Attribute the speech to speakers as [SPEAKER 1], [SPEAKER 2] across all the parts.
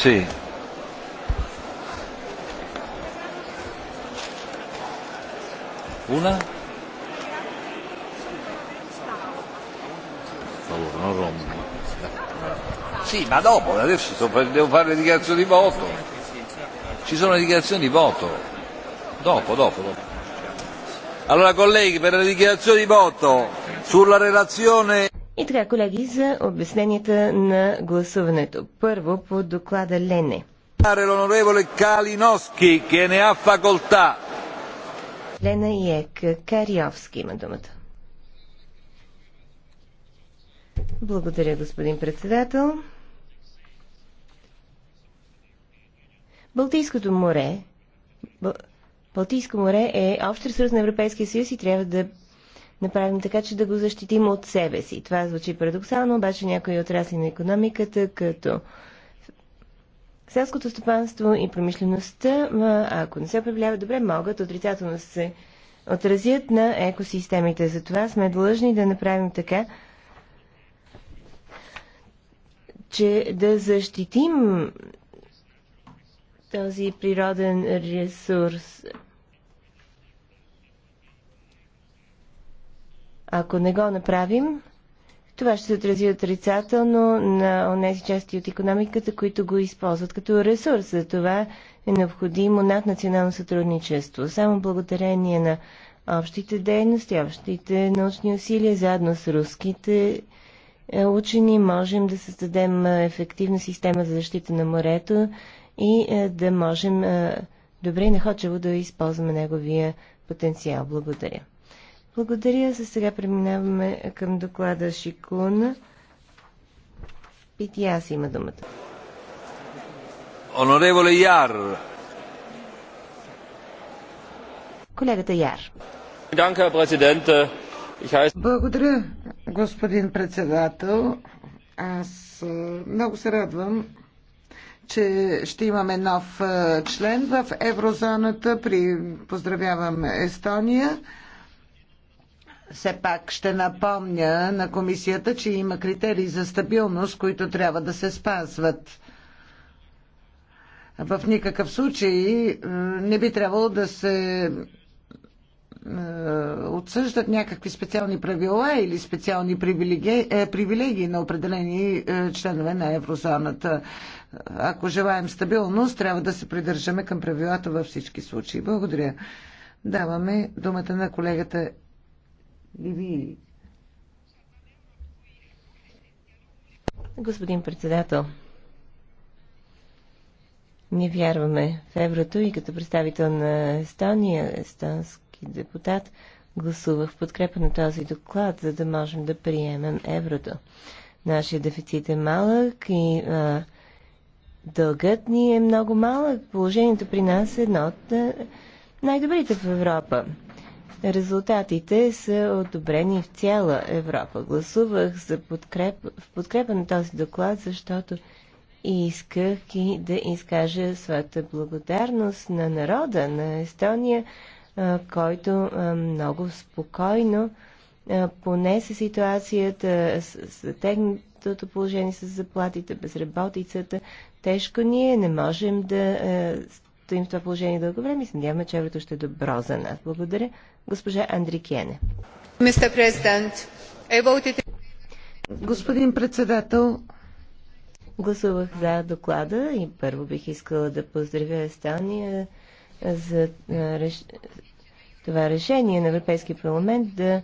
[SPEAKER 1] Sí.
[SPEAKER 2] Una? Allora, non rompo. Sì, ma dopo, adesso sto, devo fare le dichiarazioni di voto. Ci sono le dichiarazioni di voto. Dopo, dopo, dopo. Allora colleghi, per le dichiarazioni di voto sulla relazione
[SPEAKER 1] и така, колеги, за обясненията на гласуването. Първо по доклада Лене. Лена Иек, Кариовски има думата. Благодаря, господин председател. Балтийското море Балтийско море е общ ресурс на Европейския съюз и трябва да направим така, че да го защитим от себе си. Това звучи парадоксално, обаче някои отрасли на економиката, като селското стопанство и промишлеността, ако не се управляват добре, могат отрицателно се отразят на екосистемите. Затова сме длъжни да направим така, че да защитим този природен ресурс Ако не го направим, това ще се отрази отрицателно на тези части от економиката, които го използват като ресурс. За това е необходимо наднационално сътрудничество. Само благодарение на общите дейности, общите научни усилия, заедно с руските е, учени, можем да създадем е, ефективна система за защита на морето и е, да можем добре и находчиво да използваме неговия потенциал. Благодаря. Благодаря. За сега преминаваме към доклада Шиклуна. Пити аз има думата.
[SPEAKER 2] Онореволе Яр.
[SPEAKER 1] Колегата Яр.
[SPEAKER 3] Благодаря,
[SPEAKER 2] господин председател. Аз много се радвам, че ще имаме нов член в еврозоната. При... Поздравявам Естония все пак ще напомня на комисията, че има критерии за стабилност, които трябва да се спазват. В никакъв случай е, не би трябвало да се е, отсъждат някакви специални правила или специални е, привилегии на определени членове на еврозоната. Ако желаем стабилност, трябва да се придържаме към правилата във всички случаи. Благодаря. Даваме думата
[SPEAKER 1] на колегата Ливии. Господин председател, ние вярваме в еврото и като представител на Естония, естонски депутат, гласувах в подкрепа на този доклад, за да можем да приемем еврото. Нашия дефицит е малък и а, дългът ни е много малък. Положението при нас е едно от най-добрите в Европа. Резултатите са одобрени в цяла Европа. Гласувах за подкреп, в подкрепа на този доклад, защото исках и да изкажа своята благодарност на народа на Естония, който много спокойно понесе ситуацията с техното положение с заплатите, безработицата. Тежко ние не можем да стоим в това положение дълго време и се надяваме, че еврото ще е добро за нас. Благодаря госпожа Андрикиене. Е Господин председател, гласувах за доклада и първо бих искала да поздравя Естония за това решение на Европейския парламент да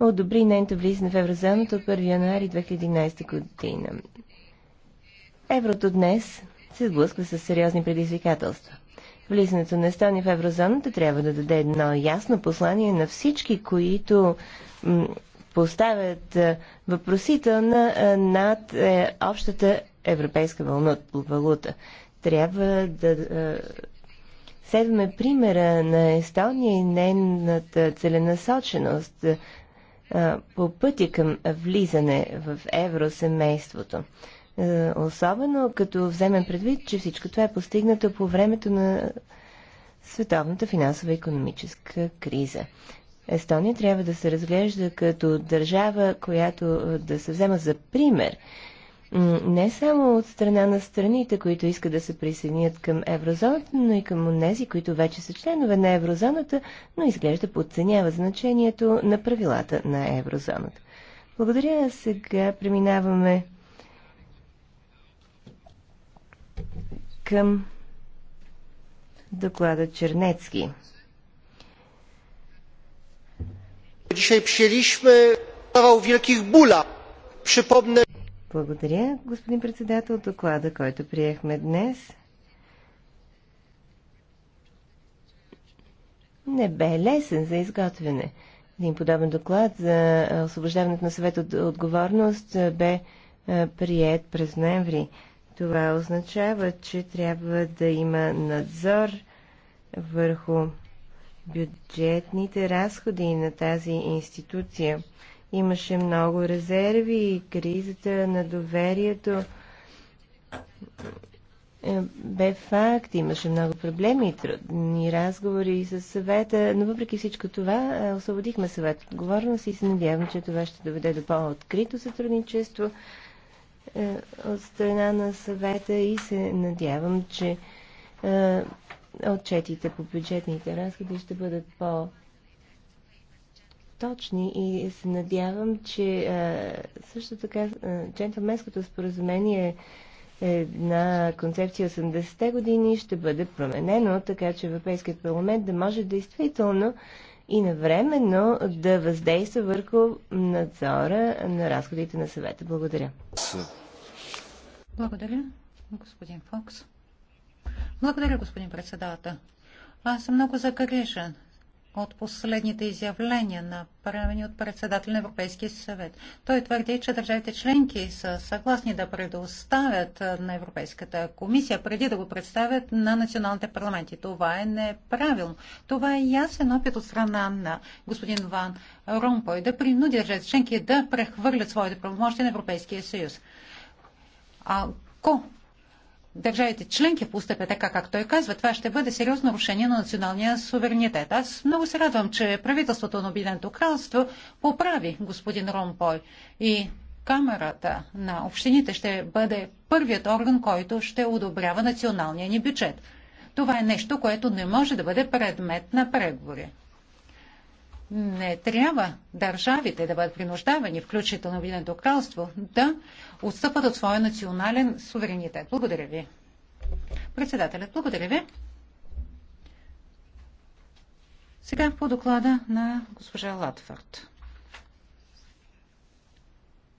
[SPEAKER 1] одобри нейното влизане в еврозоната от 1 януари 2011 година. Еврото днес се сблъсква с сериозни предизвикателства. Влизането на Естония в еврозоната трябва да даде едно ясно послание на всички, които поставят е, въпросителна е, над е, общата европейска валута. Трябва да следваме примера на Естония и нейната целенасоченост по пътя към влизане в евросемейството. Е, особено като вземем предвид, че всичко това е постигнато по времето на световната финансова и економическа криза. Естония трябва да се разглежда като държава, която да се взема за пример не само от страна на страните, които искат да се присъединят към еврозоната, но и към тези, които вече са членове на еврозоната, но изглежда подценява значението на правилата на еврозоната. Благодаря. Сега преминаваме към доклада Чернецки. Благодаря, господин председател, доклада, който приехме днес. Не бе лесен за изготвяне. Един подобен доклад за е, освобождаването на съвет от отговорност е, бе е, прият през ноември това означава, че трябва да има надзор върху бюджетните разходи на тази институция. Имаше много резерви и кризата на доверието е, бе факт. Имаше много проблеми и трудни разговори с съвета, но въпреки всичко това е, освободихме съвет отговорност и се надявам, че това ще доведе до по-открито сътрудничество е, от страна на съвета и се надявам, че е, отчетите по бюджетните разходи ще бъдат по- точни и се надявам, че е, също така джентлменското споразумение на концепция 80-те години ще бъде променено, така че Европейският парламент да може действително и навременно да въздейства върху надзора на разходите на съвета. Благодаря.
[SPEAKER 3] Благодаря, господин Фокс. Благодаря, господин председател. Аз съм много загрижен от последните изявления, направени от председател на Европейския съвет. Той твърди, че държавите членки са съгласни да предоставят на Европейската комисия, преди да го представят на националните парламенти. Това е неправилно. Това е ясен опит от страна на господин Ван Ромпой да принуди държавите членки да прехвърлят своите правомощи на Европейския съюз. Ако държавите членки постъпят така, както той казва, това ще бъде сериозно нарушение на националния суверенитет. Аз много се радвам, че правителството на Обединеното кралство поправи господин Ромпой и Камерата на общините ще бъде първият орган, който ще одобрява националния ни бюджет. Това е нещо, което не може да бъде предмет на преговори. Не трябва държавите да бъдат принуждавани, включително Обединеното кралство, да отстъпват от своя национален суверенитет. Благодаря ви. Председателят, благодаря ви. Сега по доклада на госпожа Латвард.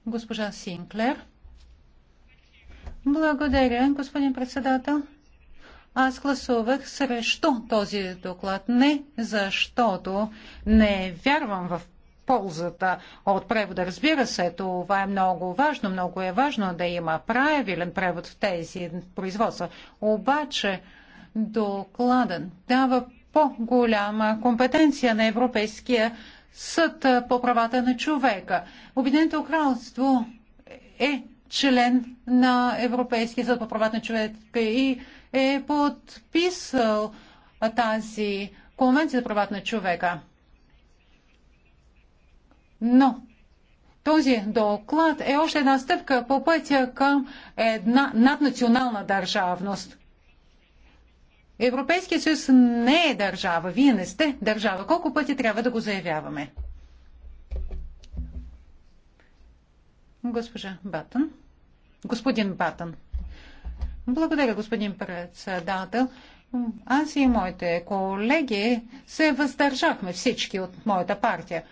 [SPEAKER 3] Госпожа Синклер. Благодаря, господин председател. Аз гласувах срещу този доклад не защото не вярвам в ползата от превода. Разбира се, това е много важно. Много е важно да има правилен превод в тези производства. Обаче докладен дава по-голяма компетенция на Европейския съд по правата на човека. Обединеното кралство е член на Европейския съд по правата на човека и е подписал тази конвенция за правата на човека. Но този доклад е още една стъпка по пътя към една наднационална държавност. Европейския съюз не е държава. Вие не сте държава. Колко пъти трябва да го заявяваме? Госпожа Батън. Господин Батън. Благодаря, господин председател. Аз и моите колеги се въздържахме всички от моята партия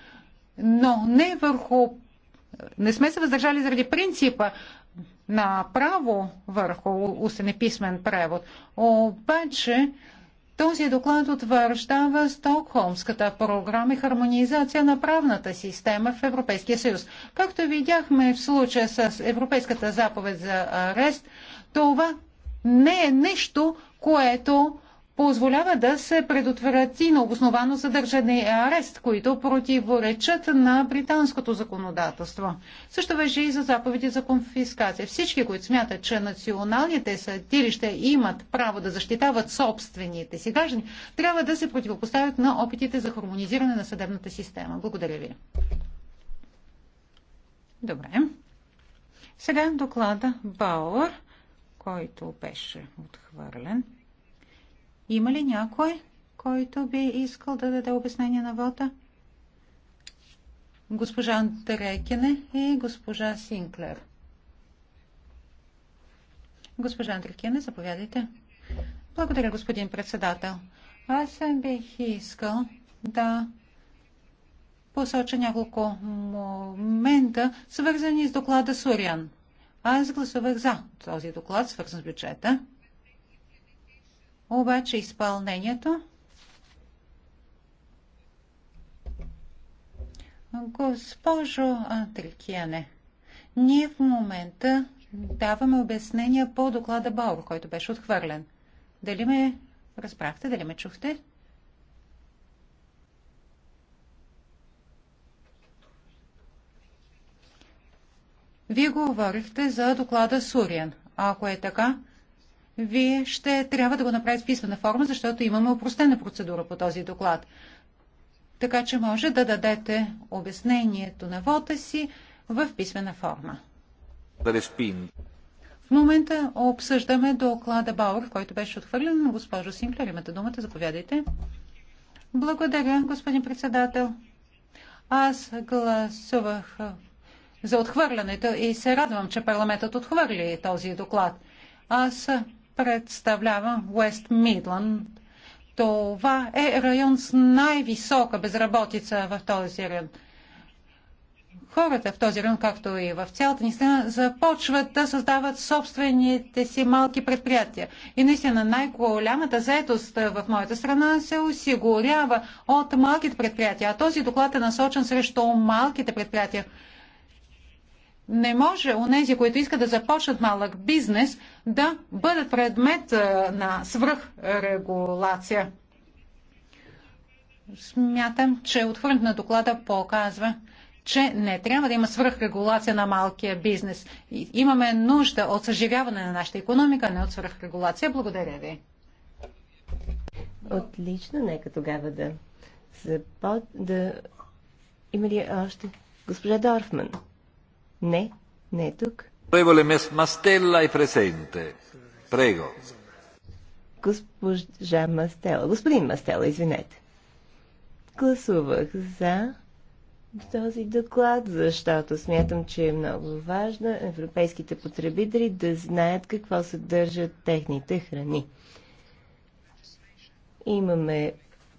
[SPEAKER 3] но не върху. Не сме се въздържали заради принципа на право върху устен и писмен превод. Обаче този доклад утвърждава Стокхолмската програма и хармонизация на правната система в Европейския съюз. Както видяхме в случая с Европейската заповед за арест, това не е нещо, което позволява да се предотврати на обосновано задържане и арест, които противоречат на британското законодателство. Също беше и за заповеди за конфискация. Всички, които смятат, че националните съдилища имат право да защитават собствените си граждани, трябва да се противопоставят на опитите за хармонизиране на съдебната система. Благодаря ви. Добре. Сега доклада Бауър, който беше отхвърлен. Има ли някой, който би искал да даде обяснение на вота? Госпожа Андрекене и госпожа Синклер. Госпожа Андрекене, заповядайте. Благодаря, господин председател. Аз съм бих искал да посоча няколко момента, свързани с доклада Сурян. Аз гласувах за този доклад, свързан с бюджета. Обаче изпълнението Госпожо Трикияне, ние в момента даваме обяснения по доклада Баур, който беше отхвърлен. Дали ме разбрахте, дали ме чухте? Вие говорихте за доклада Суриан. Ако е така, вие ще трябва да го направите в писмена форма, защото имаме упростена процедура по този доклад. Така че може да дадете обяснението на вота си в писмена форма. В момента обсъждаме доклада Бауър, който беше отхвърлен. Госпожо Синклер, имате думата, заповядайте. Благодаря, господин председател. Аз гласувах за отхвърлянето и се радвам, че парламентът отхвърли този доклад. Аз представлявам Уест Мидланд. Това е район с най-висока безработица в този район. Хората в този район, както и в цялата ни страна, започват да създават собствените си малки предприятия. И наистина най-голямата заетост в моята страна се осигурява от малките предприятия. А този доклад е насочен срещу малките предприятия не може нези, които искат да започнат малък бизнес, да бъдат предмет на свръхрегулация. Смятам, че отхвърлянето на доклада показва, че не трябва да има свръхрегулация на малкия бизнес. Имаме нужда от съживяване на нашата економика, не от свръхрегулация. Благодаря ви.
[SPEAKER 1] Отлично, нека тогава да, започнем. да... Има ли още госпожа Дорфман? Не, не е тук.
[SPEAKER 2] Мастела е презенте. Прего.
[SPEAKER 1] Госпожа Мастела. Господин Мастела, извинете. Гласувах за този доклад, защото смятам, че е много важно европейските потребители да знаят какво съдържат техните храни. Имаме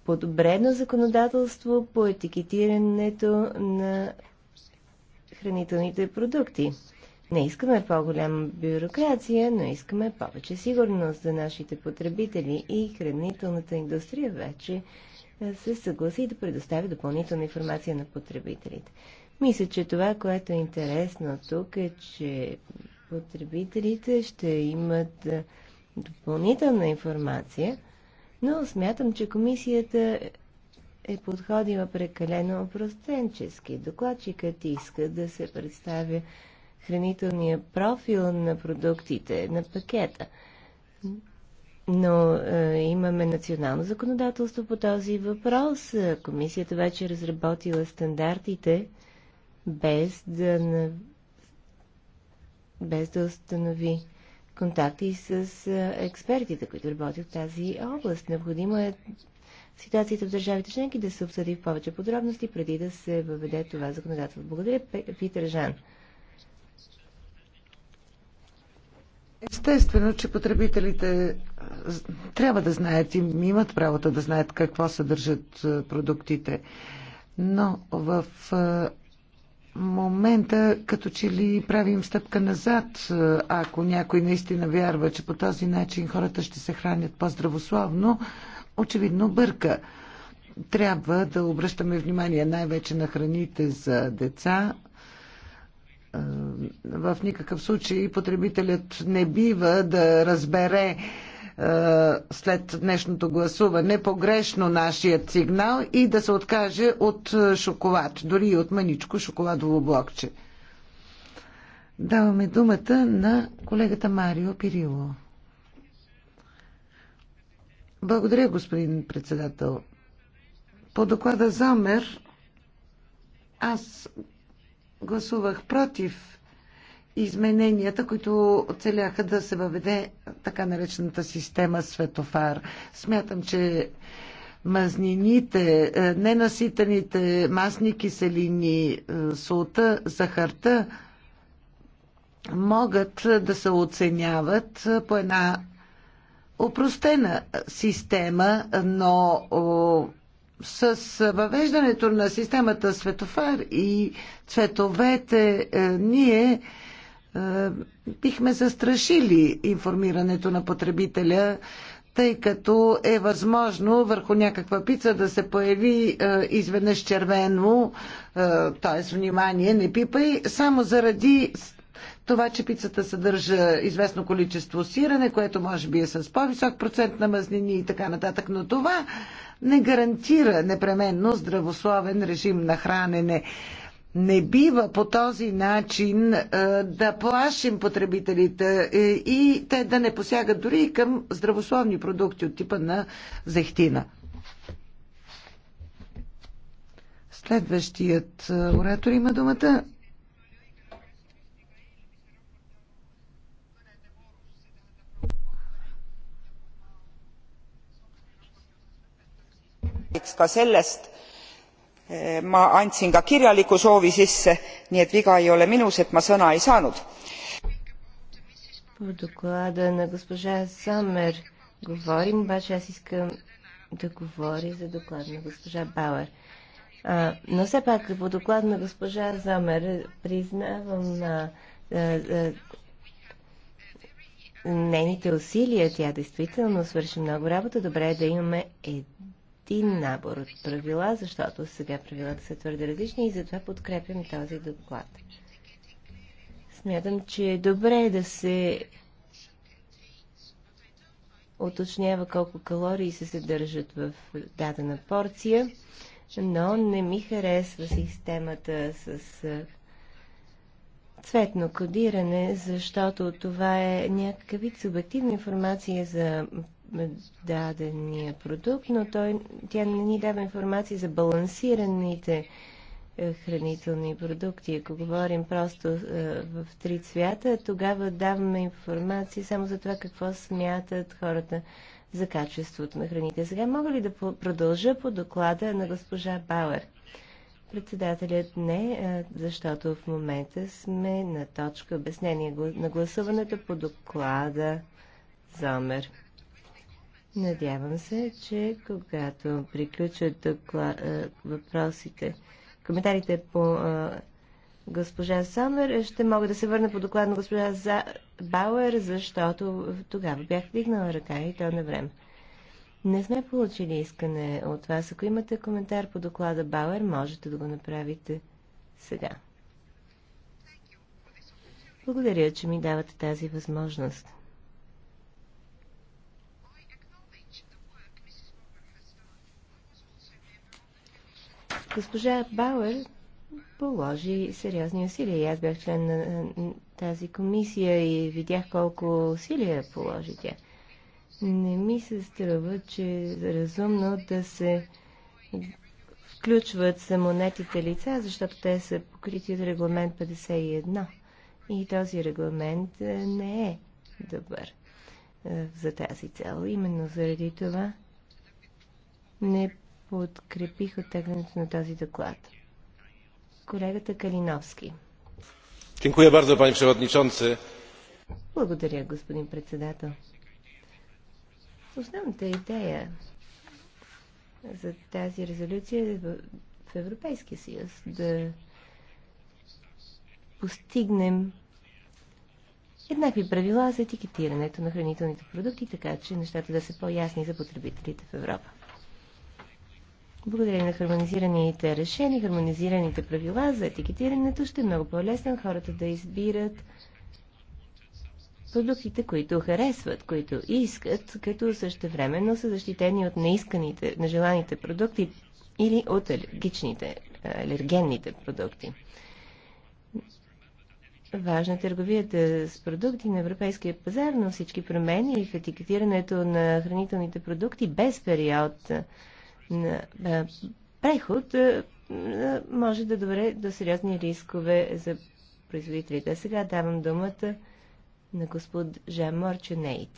[SPEAKER 1] подобрено законодателство по етикетирането на хранителните продукти. Не искаме по-голяма бюрокрация, но искаме повече сигурност за нашите потребители и хранителната индустрия вече е, се съгласи да предостави допълнителна информация на потребителите. Мисля, че това, което е интересно тук е, че потребителите ще имат е, допълнителна информация, но смятам, че комисията е подходила прекалено опростенчески. Докладчикът иска да се представя хранителния профил на продуктите, на пакета. Но е, имаме национално законодателство по този въпрос. Е, комисията вече е разработила стандартите без да, на... без да установи контакти с е, експертите, които работят в тази област. Необходимо е ситуацията в държавите членки да се обсъди в повече подробности, преди да се въведе това законодателство. Благодаря, Питер Жан. Естествено, че потребителите
[SPEAKER 2] трябва да знаят и имат правото да знаят какво съдържат продуктите. Но в момента като че ли правим стъпка назад, ако някой наистина вярва, че по този начин хората ще се хранят по-здравословно, очевидно бърка. Трябва да обръщаме внимание най-вече на храните за деца. Е, в никакъв случай потребителят не бива да разбере е, след днешното гласуване погрешно нашият сигнал и да се откаже от шоколад, дори и от маничко шоколадово блокче. Даваме думата на колегата Марио Пирило. Благодаря, господин председател. По доклада Замер аз гласувах против измененията, които целяха да се въведе така наречената система Светофар. Смятам, че мазнините, е, ненаситените масни киселини, е, солта, захарта могат да се оценяват е, по една упростена система, но с въвеждането на системата светофар и цветовете е, ние е, бихме застрашили информирането на потребителя, тъй като е възможно върху някаква пица да се появи е, изведнъж червено, е, т.е. внимание, не пипай, само заради това, че пицата съдържа известно количество сирене, което може би е с по-висок процент на мазнини и така нататък, но това не гарантира непременно здравословен режим на хранене. Не бива по този начин е, да плашим потребителите е, и те да не посягат дори и към здравословни продукти от типа на зехтина. Следващият е, оратор има думата
[SPEAKER 1] ka sellest ma andsin ka kirjaliku soovi sisse nii et viga ei ole minus et ma sõna ei saanud. да говоря за доклад на госпожа Бауер. А, но все пак по доклад на госпожа Замер признавам а, нейните усилия. Тя действително свърши много работа. Добре е да имаме един набор от правила, защото сега правилата са твърде различни и затова подкрепям този доклад. Смятам, че е добре да се уточнява колко калории се съдържат в дадена порция, но не ми харесва системата с цветно кодиране, защото това е някакъв вид субективна информация за дадения продукт, но той, тя не ни дава информация за балансираните е, хранителни продукти. Ако говорим просто е, в три цвята, тогава даваме информация само за това какво смятат хората за качеството на храните. Сега мога ли да продължа по доклада на госпожа Бауер? Председателят не, е, защото в момента сме на точка обяснение на гласуването по доклада замер. Надявам се, че когато приключат е, въпросите, коментарите по е, госпожа Сомер, ще мога да се върна по доклад на госпожа За... Бауер, защото тогава бях вдигнала ръка и то на време. Не сме получили искане от вас. Ако имате коментар по доклада Бауер, можете да го направите сега. Благодаря, че ми давате тази възможност. Госпожа Бауер положи сериозни усилия. И аз бях член на тази комисия и видях колко усилия положи тя. Не ми се струва, че е разумно да се включват самонетите лица, защото те са покрити от регламент 51. И този регламент е, не е добър е, за тази цел. Именно заради това не подкрепих оттеглянето на този доклад. Колегата Калиновски.
[SPEAKER 2] Dziękuję bardzo, panie przewodniczący.
[SPEAKER 1] Благодаря, господин председател. Основната идея за тази резолюция е в Европейския съюз да постигнем еднакви правила за етикетирането на хранителните продукти, така че нещата да са по-ясни за потребителите в Европа. Благодаря на хармонизираните решения, хармонизираните правила за етикетирането ще е много по-лесно хората да избират продуктите, които харесват, които искат, като същевременно са защитени от неисканите, нежеланите продукти или от алергичните, алергенните продукти. Важна търговията с продукти на европейския пазар, но всички промени в етикетирането на хранителните продукти без период на преход може да доведе до сериозни рискове за производителите. А сега давам думата на господ Жан Морчунейт.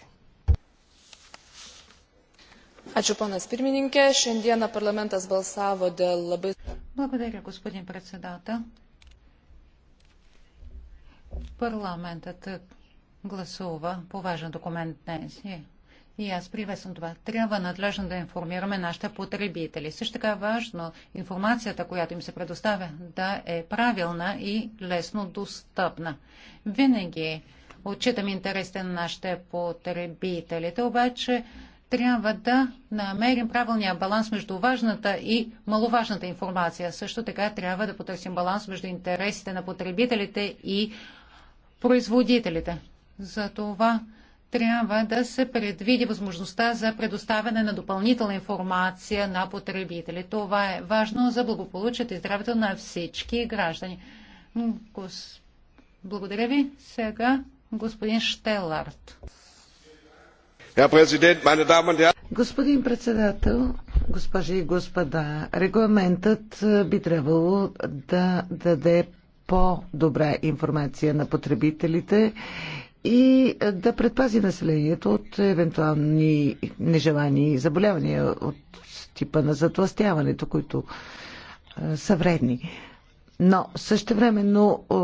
[SPEAKER 3] Ačiū, ponas pirmininkė. Šiandieną parlamentas balsavo dėl labai. Благодаря, господин председател. Парламентът гласува по важен документ днес. И аз приветствам това. Трябва надлежно да информираме нашите потребители. Също така е важно информацията, която им се предоставя, да е правилна и лесно достъпна. Винаги отчитам интересите на нашите потребителите, обаче трябва да намерим правилния баланс между важната и маловажната информация. Също така трябва да потърсим баланс между интересите на потребителите и производителите. За това трябва да се предвиди възможността за предоставяне на допълнителна информация на потребители. Това е важно за благополучието и здравето на всички граждани. Благодаря ви. Сега господин Штелард.
[SPEAKER 2] Господин председател, госпожи и господа, регламентът е, би трябвало да даде по-добра информация на потребителите и е, да предпази населението от евентуални нежелани заболявания от типа на затластяването, които е, са вредни. Но същевременно е,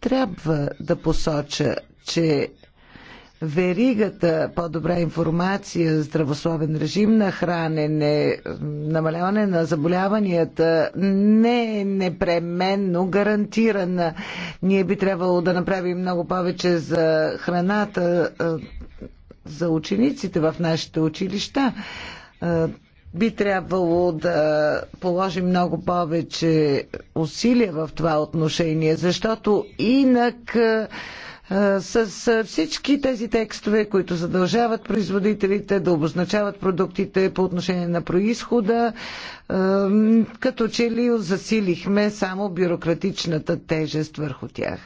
[SPEAKER 2] трябва да посоча, че веригата, по-добра информация, здравословен режим на хранене, намаляване на заболяванията не е непременно гарантирана. Ние би трябвало да направим много повече за храната, за учениците в нашите училища би трябвало да положим много повече усилия в това отношение, защото инак с всички тези текстове, които задължават производителите да обозначават продуктите по отношение на происхода, като че ли засилихме само бюрократичната тежест върху тях.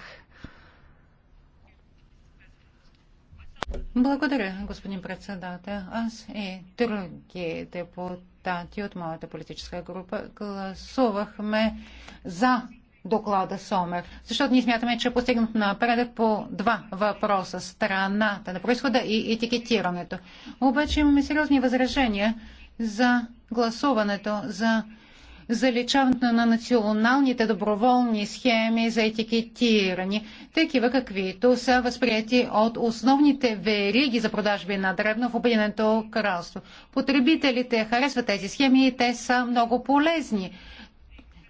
[SPEAKER 3] Благодаря, господин председател. Аз и други депутати от моята политическа група гласувахме за доклада Сомер. Защото ние смятаме, че е постигнат напредък по два въпроса – страната на происхода и етикетирането. Обаче имаме сериозни възражения за гласуването, за заличаването на националните доброволни схеми за етикетиране, такива каквито са възприяти от основните вериги за продажби на древно в Обединеното кралство. Потребителите харесват тези схеми и те са много полезни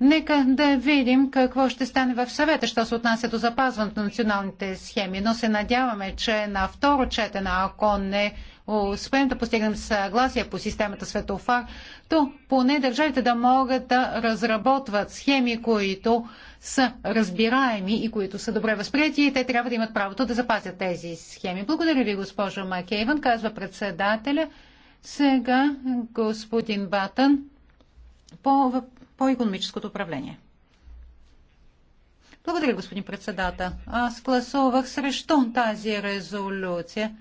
[SPEAKER 3] Нека да видим какво ще стане в съвета, що се отнася до запазването на националните схеми, но се надяваме, че на второ четене, ако не успеем да постигнем съгласие по системата Светофар, то поне държавите да могат да разработват схеми, които са разбираеми и които са добре възприяти и те трябва да имат правото да запазят тези схеми. Благодаря ви, госпожо Макейван, казва председателя. Сега господин Батън по по економическото управление. Благодаря, господин председател. Аз гласувах срещу тази резолюция,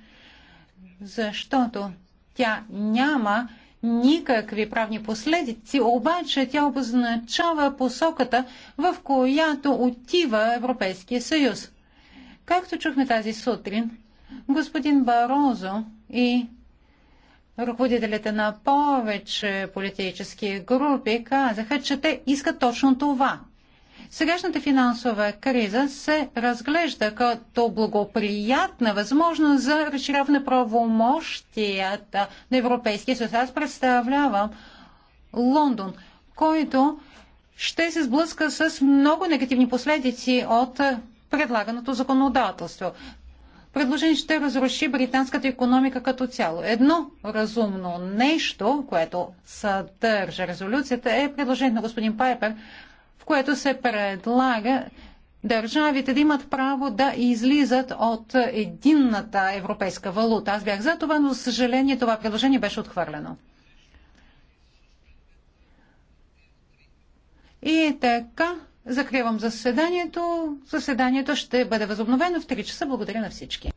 [SPEAKER 3] защото тя няма никакви правни последици, обаче тя обозначава посоката, в която отива Европейския съюз. Както чухме тази сутрин, господин Барозо и ръководителите на повече политически групи казаха, че те искат точно това. Сегашната финансова криза се разглежда като благоприятна възможност за разширяване правомощията на Европейския съюз. Аз представлявам Лондон, който ще се сблъска с много негативни последици от предлаганото законодателство предложение ще разруши британската економика като цяло. Едно разумно нещо, което съдържа резолюцията, е предложение на господин Пайпер, в което се предлага държавите да имат право да излизат от единната европейска валута. Аз бях за това, но съжаление това предложение беше отхвърлено. И така Закривам заседанието. Заседанието ще бъде възобновено в 3 часа. Благодаря на всички.